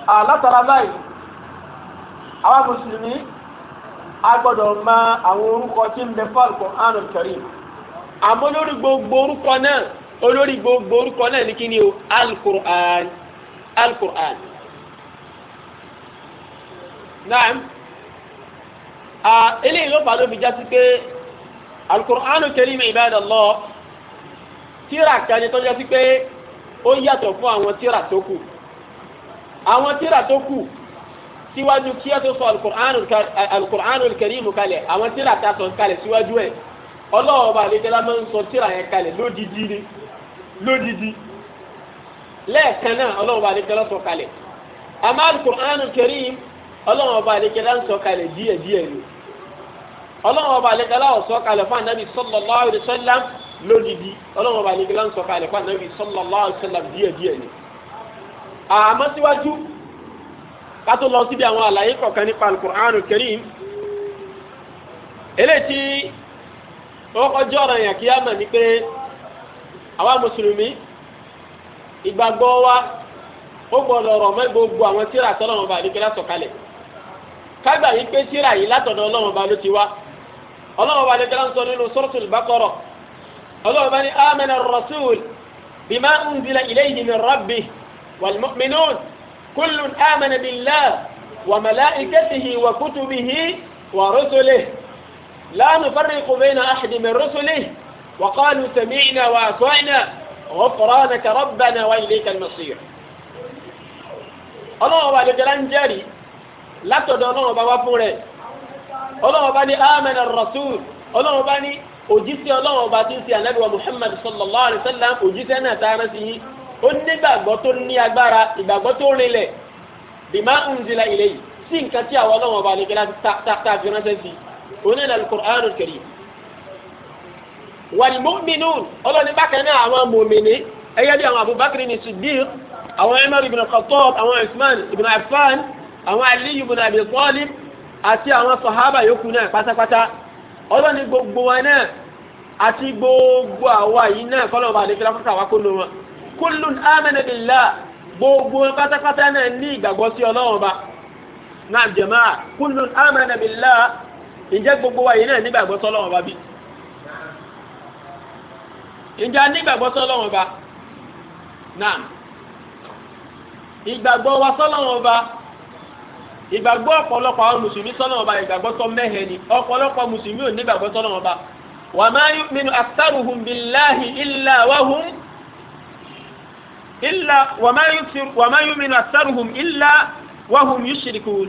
S1: Ah, látara báyìí àwa mùsùlùmí a ma àwọn orúkọ tí ń bẹ fún gbogbo orúkọ náà olórí gbogbo orúkọ náà ní kí ni o Al-Qur'an naam ah, eléyìí ló fàá ló fi jásí pé Al-Qur'an tira karim tíra kan ni tó pé ó àwọn tíra tó kù síwájú kí ẹ tó sọ alukur'anul karim kalẹ̀ àwọn tíra ta sọ kalẹ̀ síwájú ẹ̀ ọlọ́ọ̀ba àlejòlá máa ń sọ tíra yẹn kalẹ̀ lódìdí ni lódìdí lẹ́ẹ̀kan náà ọlọ́ọ̀ba àlejòlá sọ kalẹ̀ àmọ́ alukur'anul karim ọlọ́ọ̀ba àlejòlá ń sọ kalẹ̀ díẹ̀díẹ̀ ni ọlọ́ọ̀ba àlejòlá ò sọ kalẹ̀ fún anabi sallallahu alaihi wasallam lódìdí ọlọ́ọ̀ba ń sọ kalẹ̀ fún anabi sallallahu àmọ́ síwájú ká tó lọ síbi àwọn àlàyé kọ̀ọ̀kan nípa alukur'anu karim eléyìí tí ó kọjú ọ̀rọ̀ yẹn kí á mọ̀ ní pé àwa mùsùlùmí ìgbàgbọ́ wa ó gbọ́dọ̀ ọ̀rọ̀ mọ́ gbogbo àwọn tíra tọ́lọ́run bá àdékẹ́lá sọ̀kalẹ̀ kágbà yìí pé tíra yìí látọ̀dọ̀ ọlọ́run bá ló ti wá ọlọ́run bá àdékẹ́lá ń sọ nínú suratul Baqara ọlọ́run bá ní amana ar-rasul bima unzila ilayhi min rabbih والمؤمنون كل آمن بالله وملائكته وكتبه ورسله لا نفرق بين أحد من رسله وقالوا سمعنا وأطعنا غفرانك ربنا وإليك المصير الله أبا لجلان جاري لا تدعو الله أبا وفوره الله أبا آمن الرسول الله أبا òjíṣẹ́ الله ọba tí ń ṣe ànábì wa muhammad sallallahu alayhi wa sallam ó nígbàgbọ́ tó ní agbára ìgbàgbọ́ tó rinlẹ̀ bìmá unzila ilayhi sí nǹkan tí àwọn ọlọ́wọ́n ọba àlejò láti ta fi ránṣẹ́ sí onílẹ̀ al-Qur'anul Karim. wal mu'minun ọlọ́ni bákan náà àwọn mòmìnì ẹ̀yẹ́ bí àwọn Abubakar ní Siddiq àwọn Umar ibn Khattab àwọn Usman ibn Affan àwọn Ali ibn Abi Talib àti àwọn sọ̀hábà yòókù náà pátápátá ọlọ́ni gbogbo wa náà àti gbogbo àwa yìí náà kọ́lọ́ kullun amana billah gbogbo pátápátá náà ní ìgbàgbọ́ sí ọlọ́run ba náà jàmáà kullun amana billah ǹjẹ́ gbogbo wa yìí náà nígbàgbọ́ sí ọlọ́run ba bí ǹjẹ́ a nígbàgbọ́ sí ọlọ́run ba náà ìgbàgbọ́ wa sọ́lọ́run ba ìgbàgbọ́ ọ̀pọ̀lọpọ̀ àwọn mùsùlùmí sọ́nà ọba ìgbàgbọ́ tó mẹ́hẹ̀ ni ọ̀pọ̀lọpọ̀ mùsùlùmí ò ní ìgbàgbọ́ sọ́nà ọba wa ma yu'minu aktharuhum billahi illa wa illa وما يكثر وما يؤمن illa wa وهم يشركون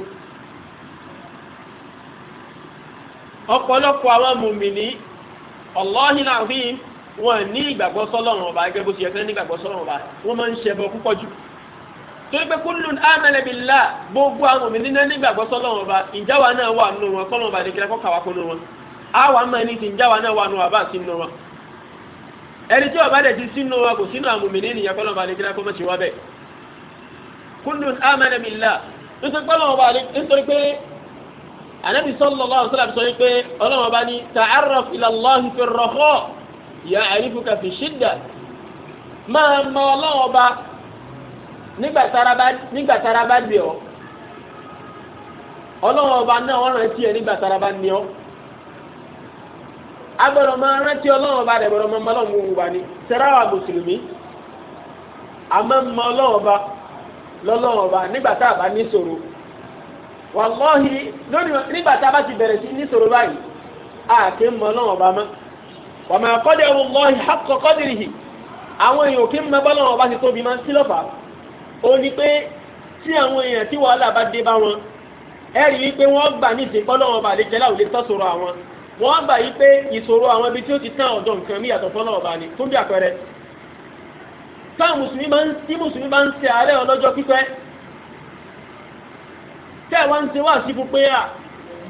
S1: ọ̀pọ̀lọpọ̀ àwọn mùmìnì ọlọ́hìn àfihàn wọn ní ìgbàgbọ́ sọ́lọ́run ọba gẹ́gẹ́ bó ti yẹ fẹ́ ní ìgbàgbọ́ sọ́lọ́run ọba wọ́n máa ń ṣẹbọ púpọ̀ jù torí pé gbogbo àwọn mùmìnì náà ní ìgbàgbọ́ sọ́lọ́run ọba ìjáwa náà wà nù wọn sọ́lọ́run ọba nìkẹ́lẹ́ kọ́kàwá kó nù wọn àwa máa ní ti ẹni tí ọba dẹ̀ ti sínú wa kò sínú àmùmìnì nìyẹn kọ́lọ́mù àlejò kọ́mọ̀ ti wá bẹ̀. kúndùn amana billah nítorí pé ọlọ́mọba àlejò nítorí pé anabi sallallahu alaihi wasallam sọ pé ọlọ́mọba ní ta'arraf ila Allahi fi rọ̀kọ́ ya'rifuka fi shidda máa mọ ọlọ́mọba nígbà tára bá dì ọ́ ọlọ́mọba náà ọ̀ràn tiẹ̀ nígbà tára bá ní agbọ́dọ̀ máa rántí ọlọ́run ọba rẹ̀ gbọ́dọ̀ máa mọ ọlọ́run gbogbo wa ni sẹ́ráwà mùsùlùmí àmọ́ mọ ọlọ́run ọba lọ́lọ́run ọba nígbà tá a bá ní ìṣòro wàlọ́hì nígbà tá a bá ti bẹ̀rẹ̀ sí ní ìṣòro báyìí a kì í mọ ọlọ́run ọba mọ́ wà máa kọ́dẹ̀ ọ̀hún lọ́hì haqqa qadrihi àwọn èèyàn kì í mọ bọ́lọ́run ọba ti tóbi máa ń sílọ̀fà ó ní pé tí àwọn èèyàn tí wàhálà bá dé bá wọn ẹ̀rí wípé wọ́n gbà ní ìsìnkọ́ lọ́wọ́ ọba àlejò láwùjọ tó sọ̀rọ̀ àwọn wọ́n gbà yí pé ìṣòro àwọn ibi tí ó ti tán ọ̀dọ̀ nǹkan mí yàtọ̀ fọ́nà ọ̀bà ni fún bí àpẹẹrẹ táwọn tí mùsùlùmí bá ń ṣe àárẹ̀ ọlọ́jọ́ pípẹ́ tẹ́ wá ń ṣe wá sí fún pé à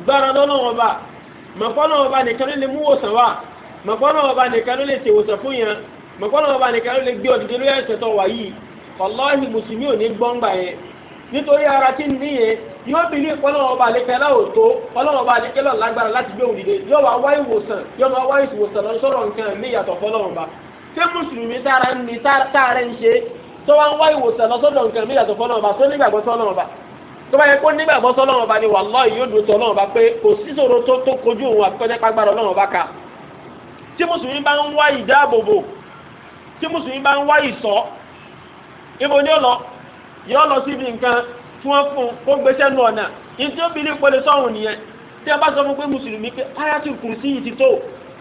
S1: gbára lọ́nà ọba mọ̀fọ́nà ọba nìkan ló lè mú wòsàn wá mọ̀fọ́nà ọba nítorí ara tí ń níye yóò bí ní ọlọ́run ọba àlékẹ́ láòótó ọlọ́run ọba àlékẹ́ lọ lágbára láti gbé òun dìde yóò wá wá ìwòsàn yóò máa wá ìwòsàn lọ sọ̀rọ̀ nǹkan mí yàtọ̀ fọlọ́run ọba ṣé mùsùlùmí tára ń ní tára ń ṣe tó wá ń wá ìwòsàn lọ sọ̀rọ̀ nǹkan mí yàtọ̀ fọlọ́run ọba tó nígbàgbọ́ sọlọ́run ọba tó bá yẹ kó nígbàgbọ́ sọlọ́run ọba ni wàlláhì yóò dùn sọlọ́run ọba pé kò sí ṣòro tó tó kojú òun àfikọ́jẹ́ pàgbára ọlọ́run ọba ká tí mùsùlùmí bá ń wá ìdáàbòbò tí mùsùlùmí bá ń wá ìṣọ́ ibo yọ lọ síbi nǹkan tí wọ́n fún kó gbéṣẹ́ nu ọ̀nà ní tí ó nìyẹn tí a bá sọ fún pé mùsùlùmí pé ti tó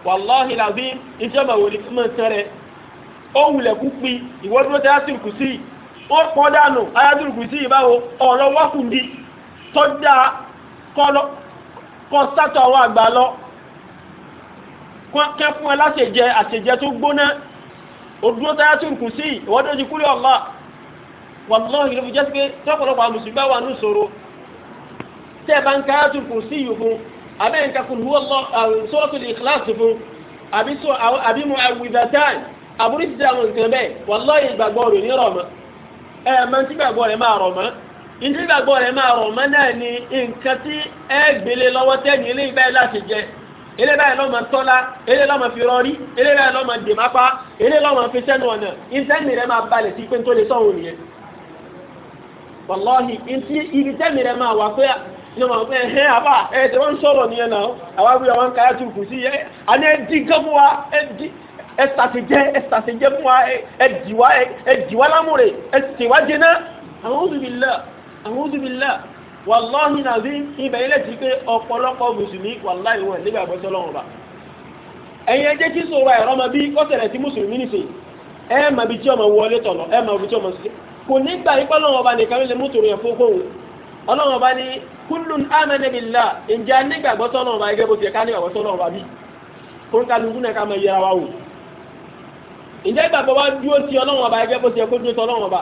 S1: wàláhì làbí ìjọba wò ní fún ọ̀tán rẹ̀ ó wulẹ̀ kú pi ìwọ dúró tí ayáàtì kùrùsí yìí ó pọ̀ dànù ayáàtì kùrùsí yìí báwo ọ̀rọ̀ wákùndí tó dáa kọ́ sátọ̀ àwọn àgbà lọ kẹ́ wàlọ́ọ̀hì ló fi jẹ́ sí pé tọ́pọ̀lọpọ̀ àmùsùn bá wà ní ìṣòro tẹ́ ẹ bá ń ka áàtù kù sí ìyù fún abẹ́ ń ka kul huwa Allah suratul ikhlas fún àbí mu àwùdàtàn àbúrú ti dàwọn nǹkan bẹ́ẹ̀ wàlọ́ọ̀hì ìgbàgbọ́ rẹ̀ ní rọ̀ mọ́ ẹ mọ tí gbàgbọ́ rẹ̀ máa rọ̀ mọ́ ìdí gbàgbọ́ rẹ̀ máa rọ̀ mọ́ náà ni nǹkan tí ẹ gbélé lọ́wọ́ tẹ́yìn ilé ìbáyìí láti jẹ ilé báyìí lọ́mọ tọ́lá ilé lọ́mọ fi rọrí ilé báyìí lọ́mọ dèmápá ilé lọ́mọ fi sẹ́nu ọ̀nà ìtẹ́nì rẹ̀ máa balẹ̀ sí pé ń tó lè sọ̀rọ̀ nìyẹn wàláhì ibi tẹ́mi rẹ̀ máa wà pé ní ọmọ pé ẹ̀hẹ́ àbá ẹ̀ẹ́dẹ̀ wọ́n sọ̀rọ̀ ní ẹ̀nà àwọn abúlé wọn káyà tún kù sí ẹ̀ àní ẹ̀dí nǹkan fún wa ẹ̀dí ẹ̀sàtìjẹ́ ẹ̀sàtìjẹ́ fún wa ẹ̀dìwá ẹ̀dìwá lámúre ẹ̀sìtìwá jẹ́nà a'udhu billah a'udhu billah wàláhì nàbí ibẹ̀ ilẹ̀ ti pé ọ̀pọ̀lọpọ̀ mùsùlùmí wàláhì wọn nígbà àbọ̀sọ́lọ́wọ́n bá ẹ̀yin ẹjẹ́ kí sọ̀rọ̀ ẹ̀rọ ọmọ bí kò ní gbà yípa ọlọ́run ọba nìkan ló lè mú tòrò yẹn fún kóhùn ọlọ́run ọba ní kúlùn ámẹ́nẹ́bìlá ǹjẹ́ anígbàgbọ́ sọ́lọ́run ọba gẹ́gẹ́ bó ti ẹ̀ka nígbàgbọ́ sọ́lọ́run ọba bí kó ń kálukú náà ká máa yẹra wa wò ǹjẹ́ ìgbàgbọ́ wa dúró ti ọlọ́run ọba gẹ́gẹ́ bó ti ẹ̀kó dúró ti ọlọ́run ọba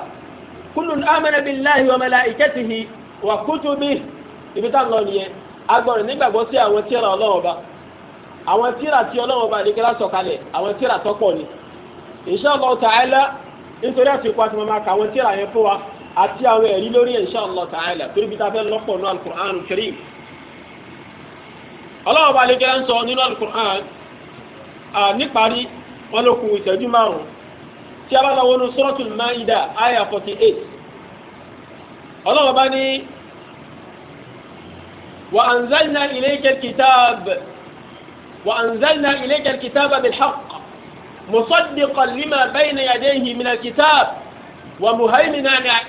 S1: kúlùn ámẹ́nẹ́bìláhi wa malaikatihi wa kutubihi ibi nítorí àsìkò àti màmá kà àwọn tíra yẹn fún wa àti àwọn ẹ̀rí lórí insha Allah ta'ala torí bí ta fẹ́ lọ́pọ̀ nínú al-Qur'an al-Karim ọlọ́wọ́ bá lè gẹ́rẹ́ ń sọ nínú al-Qur'an níparí wọn ló kù ìṣẹ́jú márùn-ún tí a bá lọ wọnú Suratul Maida aya forty eight ní wa anzalna ilayka al-kitab wa anzalna ilayka al-kitaba مصدقا لما بين يديه من الكتاب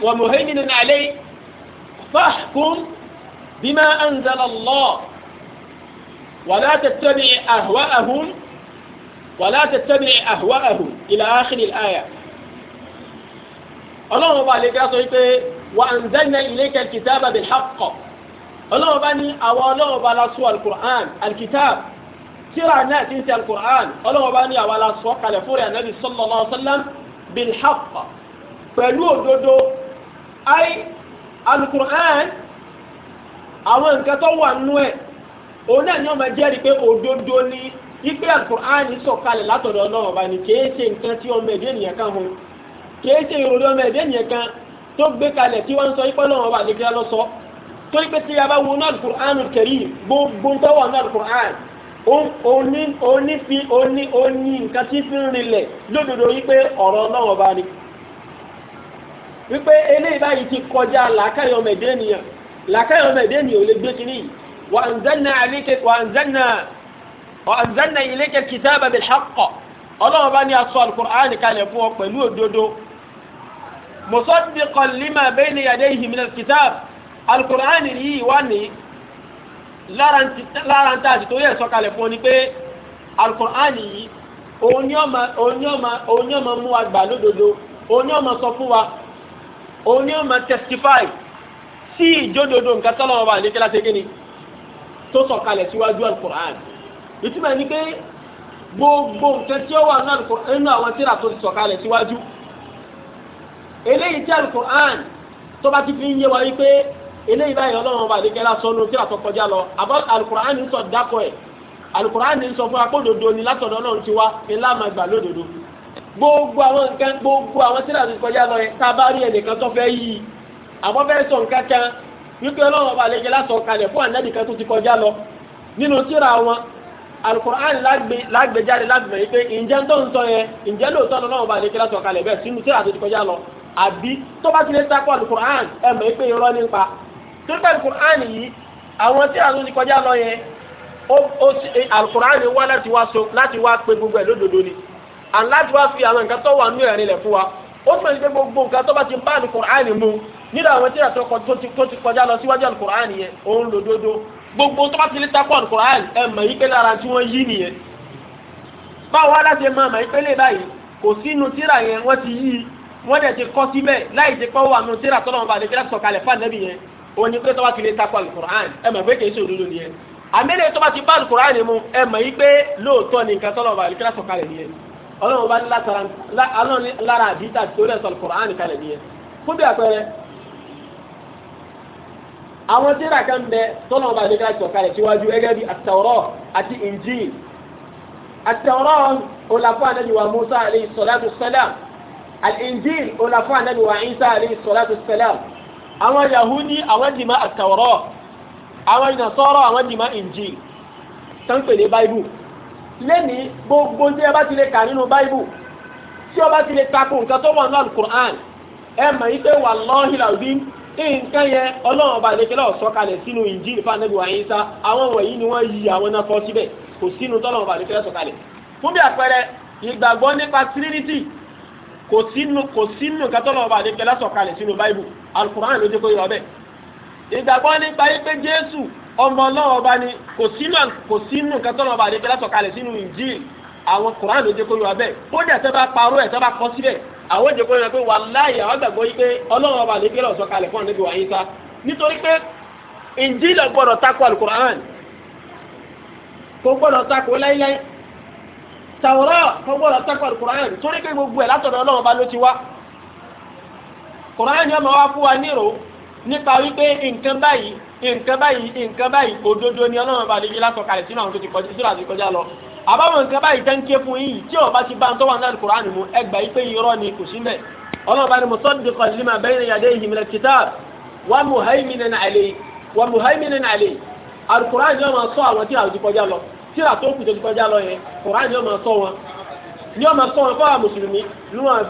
S1: ومهيمنا عليه فاحكم بما أنزل الله ولا تتبع أهواءهم ولا تتبع أهواءهم إلى آخر الآية ọlọ́run bá lè وأنزلنا إليك الكتاب بالحق zẹ́nà iléka kìtàbà bil haqq الكتاب ba tíra náà ti ń ṣe alukur'an ọlọ́wọ́ bá ní àwa la sọ kalẹ̀ fún rẹ̀ anabi sallallahu alayhi wa sallam bil haqq pẹ̀lú òdodo ay alukur'an àwọn nǹkan tó wà nú ẹ̀ òun náà ni wọ́n máa jẹ́rìí pé òdodo ni ipe alukur'an sọ kalẹ̀ látọ̀dọ̀ ọlọ́wọ́ bá ní kìí ṣe nǹkan tí ọmọ ẹ̀dẹ́ nìyẹn kan hun kìí ṣe ìròyìn ọmọ ẹ̀dẹ́ nìyẹn kan tó gbé kalẹ̀ tí wọ́n sọ ipe ọlọ́wọ́ bá ní kí wọ́n sọ torí pé tí a bá wo náà alukur'an kẹrí gbogbo ń tọ́wọ́ náà alukur'an oní fi oní oní nǹkan tí fi ń rinlẹ̀ lódodo wípé ọ̀rọ̀ náà bá ní wípé eléyìí báyìí ti kọjá làákàyọmẹ̀dé nìyàn làákàyọmẹ̀dé nìyàn ò lè gbé kínní yìí wà ń zanna àlékè wà ń zanna wà ń zanna ilékè kìtàbà bil haqq ọlọ́run bá ní aṣọ alukur'an kalẹ̀ fún ọ pẹ̀lú òdodo lára ń tàbí tó yẹ sọ̀kalẹ̀ fún ọ ni pé alukur'ani yìí òun ni ó máa mú wa gbà lódodo òun ni ó máa sọ fún wa òun ni ó máa testify sí ìjódodo nǹkan tọ́lọ́wọ́ bá nígbà láti gíní tó sọ̀kalẹ̀ síwájú alukur'ani ìtumọ̀ ni pé gbogbo nǹkan tí ó wà nínú àwọn tíra tó sọ̀kalẹ̀ síwájú eléyìí tí alukur'ani tó bá ti fi ń yé wa wípé eléyìí báyìí ọlọ́run ọba àdékẹ́lá sọnù tí àtọkọjá lọ àbọ̀ alukur'an ń sọ dákọ̀ ẹ̀ alukur'an ń sọ fún akódodo ni látọ̀dọ̀ ọlọ́run ti wá ni láàmà gbà lódodo gbogbo àwọn nǹkan gbogbo àwọn tí àti kọjá lọ yẹ tá a bá rí ẹnìkan tó fẹ́ yí àbọ̀ fẹ́ sọ nǹkan kan wípé ọlọ́run ọba àdékẹ́lá sọ kalẹ̀ fún ànábì kan tó ti kọjá lọ nínú tírà wọn alukur'an lágbèjáde lágbèmọ̀ yìí pé ǹjẹ́ tó ń sọ yẹn ǹjẹ́ lóòótọ́ ọlọ́run ọba àdékẹ́lá sọ kalẹ̀ bẹ́ẹ̀ sínú tírà tó torípé alukur'ani yìí àwọn tí àwọn oníkọjá lọ yẹn eh, alukur'ani wá láti wá so láti wá pé gbogbo ẹ̀ lódodo ni and láti wá fi àwọn nǹkan tó wà nú ẹ̀rin lẹ̀ fún wa ó tún lè gbé gbogbo nǹkan tó bá ti bá alukur'ani mu nínú àwọn tí àwọn tó ti kọjá lọ síwájú alukur'ani yẹn òun lòdodo gbogbo tó bá ti lè takọ alukur'ani ẹ mọ̀ yí pé lára tí wọ́n yí nìyẹn báwo wá láti máa mọ̀ yí pé lè báyìí kò sínú tíra yẹn wọ́n ti yí wọ́n dẹ̀ ti kọ́ síbẹ̀ láì ti pọ́ wà nù tíra tọ́lọ́mọba àdéjẹ́ sọ̀kalẹ̀ fáànẹ́bì yẹn òun ni pé tó bá ti lè takò alukur'an ẹ mọ̀ pé kì í ṣe òdodo nìyẹn àmẹ́lẹ̀ tó bá ti bá alukur'an mu ẹ mọ̀ yí pé lóòótọ́ ni nǹkan tọ́lọ̀ bá alikira sọ̀kalẹ̀ nìyẹn ọlọ́run bá lára àdìtà tó rẹ̀ alukur'an kalẹ̀ nìyẹn fún bí àpẹẹrẹ àwọn tíra kan bẹ tọ́lọ̀ bá alikira sọ̀kalẹ̀ síwájú ẹgẹ́ bí àtàwọ̀rọ̀ àti injil àtàwọ̀rọ̀ olàfọ́ ànábìwá musa àwọn yahudi àwọn dìmá àtàwọ̀rọ̀ àwọn ìnàsọ́rọ̀ àwọn dìmá ìjì tán pè ní báibù lẹ́ni gbogbo tí ẹ bá ti lè kà nínú báibù tí ó bá ti lè takò nǹkan tó wà náà Qur'an ẹ mọ̀ yí ka wallahi alazim nǹkan yẹn ọlọ́run ọba àdékẹ́lẹ́ ọ̀sọ́kalẹ̀ sínú ìjì ìfànẹ́bù àyínsá àwọn wọ̀nyí ni wọ́n yí àwọn náà fọ́ síbẹ̀ kò sínú tọ́lọ́run ọba àdékẹ́lẹ́ ọ̀sọ́kalẹ̀ fún bí àpẹẹrẹ ìgbàgbọ́ nípa kò sínú kò sínú nǹkan tó lọ́wọ́ bá lè fẹ́ lásọ̀kalẹ̀ sínú báyìí alukur'an ló dé kó yọ bẹ́ẹ̀. ìgbàgbọ́ nípa yí pé jésù ọmọ ọlọ́wọ́ bá ní kò sínú kò sínú nǹkan tó lọ́wọ́ bá lè fẹ́ lásọ̀kalẹ̀ sínú injil àwọn kur'an ló dé kó yọ bẹ́ẹ̀ ó dẹ̀ tẹ́ bá parọ́ ẹ̀ tẹ́ bá kọ́ síbẹ̀ àwọn òjò kó yọ pé wàláyé àwọn gbàgbọ́ yí pé ọlọ́wọ́ bá lè fẹ́ lọ́sọ̀kalẹ̀ fún ọ̀nẹ́bí wàyí sá nítorí pé injil ló gbọ́dọ̀ takò alukur'an kò gbọ́dọ̀ takò láíláí tàwọ́rọ́ fọgbọ́dọ̀ tẹ́kọ̀ọ́ kùránì torí pé gbogbo ẹ̀ látọ̀dọ̀ ọlọ́run bá ló ti wá kùránì ọmọ wa fún wa nírò nípa wípé nǹkan báyìí nǹkan báyìí nǹkan báyìí òdodo ni ọlọ́run bá lè yí látọ̀kalẹ̀ sínú àwọn tó ti kọjá sínú àti kọjá lọ àbáwọn nǹkan báyìí tẹ́ńké fún yìí tí ọba ti bá ń tọ́wọ́ náà kùránì mu ẹgbà yìí pé irọ́ ni kò sí mẹ́ ọlọ́run bá ní musaddiqan lima tíra tó kù tó ti kọjá lọ yẹn kòrán ni ó máa sọ wọn ní ọmọ kan ọ̀pọ̀ àwọn mùsùlùmí lùwọ̀n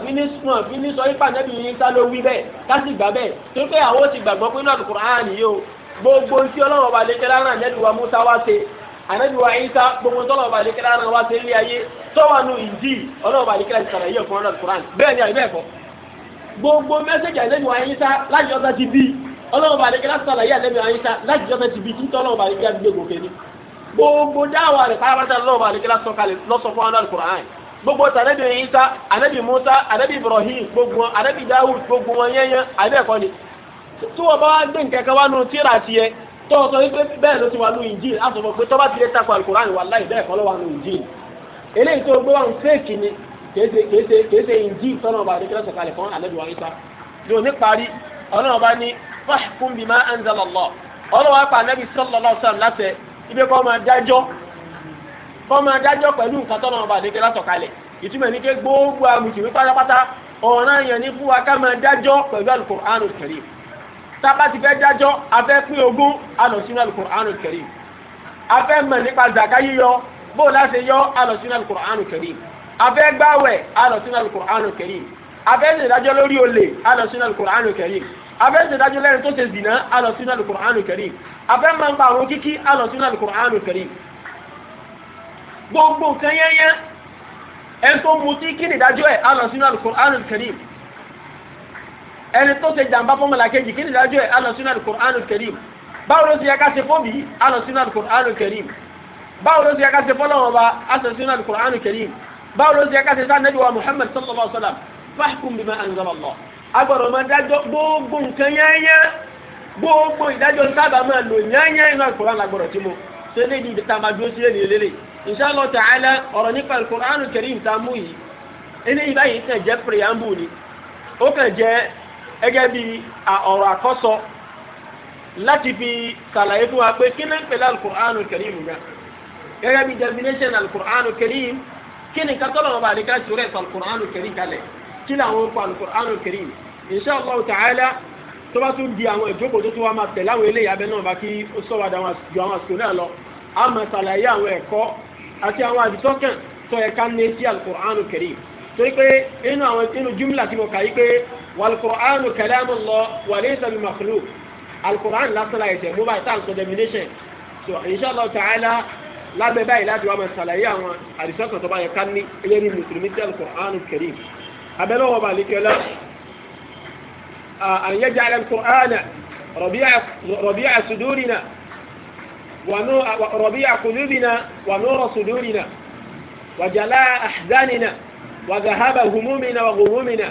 S1: fi ní sọ ipá nẹ́bí yìí sá ló wí bẹ́ẹ̀ kásì gbà bẹ́ẹ̀ tó pé àwọn ti gbàgbọ́ pé náà Kùránì yóò gbogbo tí ọlọ́run ọba lẹ́kẹ́ lára nẹ́bí wa Musa wá ṣe ànẹ́bí wa Isa gbogbo tí ọlọ́run ọba lẹ́kẹ́ lára wá ṣe ilé ayé tọ́wọ́ nu ìdí ọlọ́run ọba lẹ́kẹ́ láti sàlàyé ọ̀fun ọlọ́run Kùránì bẹ́ẹ̀ ni àìbẹ́ẹ̀ kọ́ gbogbo mẹ́sẹ̀gì ànẹ́bí wa Isa láti ọ̀sán ti bí ọlọ́run ọba lẹ́kẹ́ láti sàlàyé ànẹ́bí wa Isa láti ọ̀sán ti bí títọ́ ọlọ́run ọba lẹ́kẹ́ láti gbé gòkè ni gbogbo dáwà rẹ̀ pàápàá lọ́wọ́ àlekẹ́lá sọ̀kalẹ̀ lọ́sọ̀ fún anáàlú Qur'an gbogbo tànẹ́bì Isa ànẹ́bì Musa ànẹ́bì Ibrahim gbogbo ànẹ́bì Dawud gbogbo wọn yẹ́yẹ́ àbẹ́ẹ̀kọ́ ni tí wọ́n bá wá gbé nǹkan kan wá nù tíra tiẹ̀ tọ́ọ̀tọ́ wípé bẹ́ẹ̀ ló ti wà ní Injil asọ̀fọ̀ pé tọ́ba ti lè takò alukurani wà láì bẹ́ẹ̀ kọ́ ló wà ní Injil eléyìí tó gbé wà ń fèkì ni ibi kọ́ máa dájọ́ kọ́ máa dájọ́ pẹ̀lú nǹkan tọ́nà ọba àdékẹ́ látọ̀kalẹ̀ ìtumọ̀ ní pé gbogbo amùsùlùmí pátápátá ọ̀ràn yẹn ní fún wa ká máa dájọ́ pẹ̀lú Al-Qur'anul Karim tá bá ti fẹ́ dájọ́ afẹ́ pín ogún alọ̀ sínú Al-Qur'anul afẹ́ mọ̀ nípa zaka yíyọ bó láti yọ alọ̀ sínú Al-Qur'anul Karim afẹ́ gbáwẹ̀ alọ̀ sínú Al-Qur'anul Karim afẹ́ ṣèdájọ́ lórí olè alọ̀ sínú Al-Qur'anul abẹ́sẹ̀ dájú lẹ́rin tó ṣe zìnà alọ̀ sínú al-Qur'an al-Karim abẹ́ máa ń pa àwọn kíkí alọ̀ sínú al-Qur'an al-Karim gbogbo nǹkan yẹ́yẹ́ ẹni tó mu sí kí ni ìdájọ́ ẹ̀ alọ̀ sínú al-Qur'an ẹni tó ṣe jàǹbá fọ́mọ̀lá kejì kí ni ìdájọ́ ẹ̀ alọ̀ sínú al-Qur'an báwo ló ti yẹ ká ṣe fóbi alọ̀ sínú al-Qur'an al báwo ló ti yẹ ká ṣe fọ́lọ́wọ́ bá alọ̀ sínú al-Qur'an báwo ló ti yẹ ká ṣe agbọ́dọ̀ máa dájọ́ gbogbo nǹkan yányá gbogbo ìdájọ́ sábà máa lò yányá inú Al-Qur'an agbọ́dọ̀ tí mo ṣe lè ní ìdíta máa dúró sí lè nílé lè Insha Allah Ta'ala ọ̀rọ̀ nípa Al-Qur'an Karim tá a mú yìí ilé ìbáyìí kàn jẹ́ preamble ni ó kàn jẹ́ gẹ́gẹ́ bí ọ̀rọ̀ àkọ́sọ láti fi ṣàlàyé fún wa pé kí ló ń pè Al-Qur'an Karim ga gẹ́gẹ́ kí làwọn ń pa Al-Qur'anul Karim insha Allah ta'ala tó bá tún di àwọn ìjókòó tó tún wá máa tẹ̀lé àwọn eléyìí abẹ náà bá kí ó sọ̀rọ̀ ju àwọn àsìkò náà lọ a máa ṣàlàyé àwọn ẹ̀kọ́ àti àwọn àdìsọ́kàn tó ẹ̀ka ní sí Al-Qur'anul Karim torí pé inú àwọn inú jumla tí mo kà yí pé wal-Qur'anu kalamullah wa laysa bi makhluq mobile time abẹ́lọ́wọ́ لا آه، أن يجعل القرآن ربيع ربيع صدورنا ونور ربيع قلوبنا ونور صدورنا وجلاء أحزاننا وذهاب همومنا وغمومنا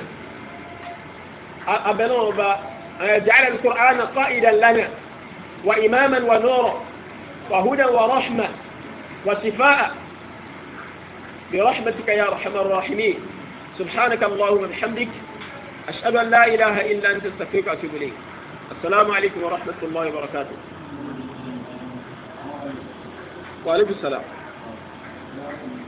S1: أبلغ أن يجعل القرآن قائدا لنا وإماما ونورا وهدى ورحمة وشفاء برحمتك يا أرحم الراحمين سبحانك اللهم وبحمدك أشهد أن لا إله إلا أنت استغفرك وأتوب إليك السلام عليكم ورحمة الله وبركاته وعليكم السلام